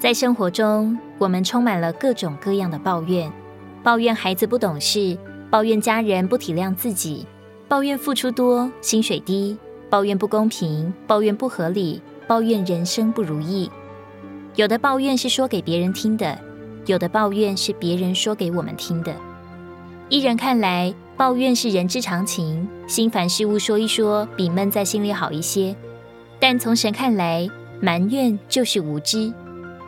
在生活中，我們充滿了各種各樣的抱怨：抱怨孩子不懂事，抱怨家人不體諒自己，抱怨付出多薪水低，抱怨不公平，抱怨不合理，抱怨人生不如意。有的抱怨是說給別人聽的，有的抱怨是別人說給我們聽的。依人看來，抱怨是人之常情，心煩事物說一說，比悶在心裡好一些。但從神看來，埋怨就是無知。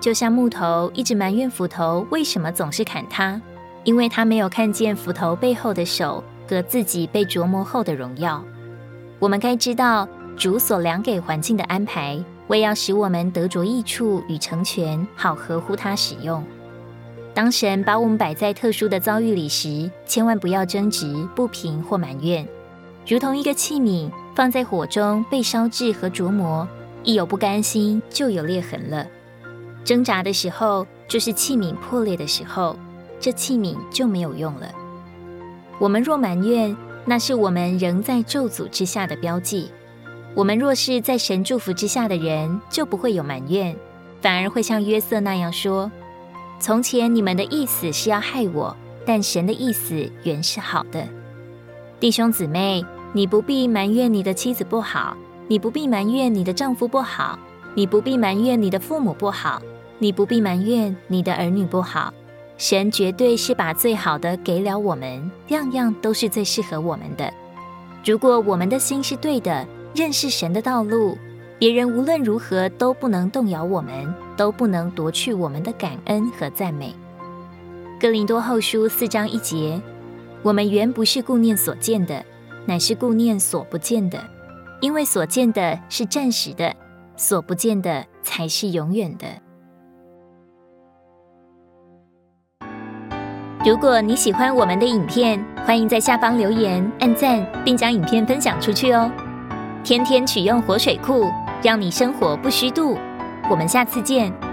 就像木頭一直埋怨斧頭為什麼總是砍它，因為他沒有看見斧頭背後的手和自己被琢磨後的榮耀。我們該知道，主所量給環境的安排，為要使我們得着益處與成全，好合乎他使用。當神把我們擺在特殊的遭遇裡時，千萬不要爭執、不平或埋怨。如同一個器皿放在火中被燒製和琢磨，一有不甘心，就有裂痕了。掙扎的時候，就是器皿破裂的時候，這器皿就沒有用了。我們若埋怨，那是我們仍在咒詛之下的標記。我們若是在神祝福之下的人，就不會有埋怨，反而會像約瑟那樣說：“從前你們的意思是要害我，但神的意思原是好的。”弟兄姊妹，你不必埋怨你的妻子不好，你不必埋怨你的丈夫不好。你不必埋怨你的父母不好，你不必埋怨你的兒女不好。神絕對是把最好的給了我們，樣樣都是最適合我們的。如果我們的心是對的，認識神的道路，別人無論如何都不能動搖我們，都不能奪去我們的感恩和讚美。哥林多後書四章一節：我們原不是顧念所見的，乃是顧念所不見的，因為所見的是暫時的。所不見的才是永遠的。如果你喜歡我們的影片，歡迎在下方留言、按讚，並將影片分享出去哦。天天取用活水庫，讓你生活不虛度。我們下次見。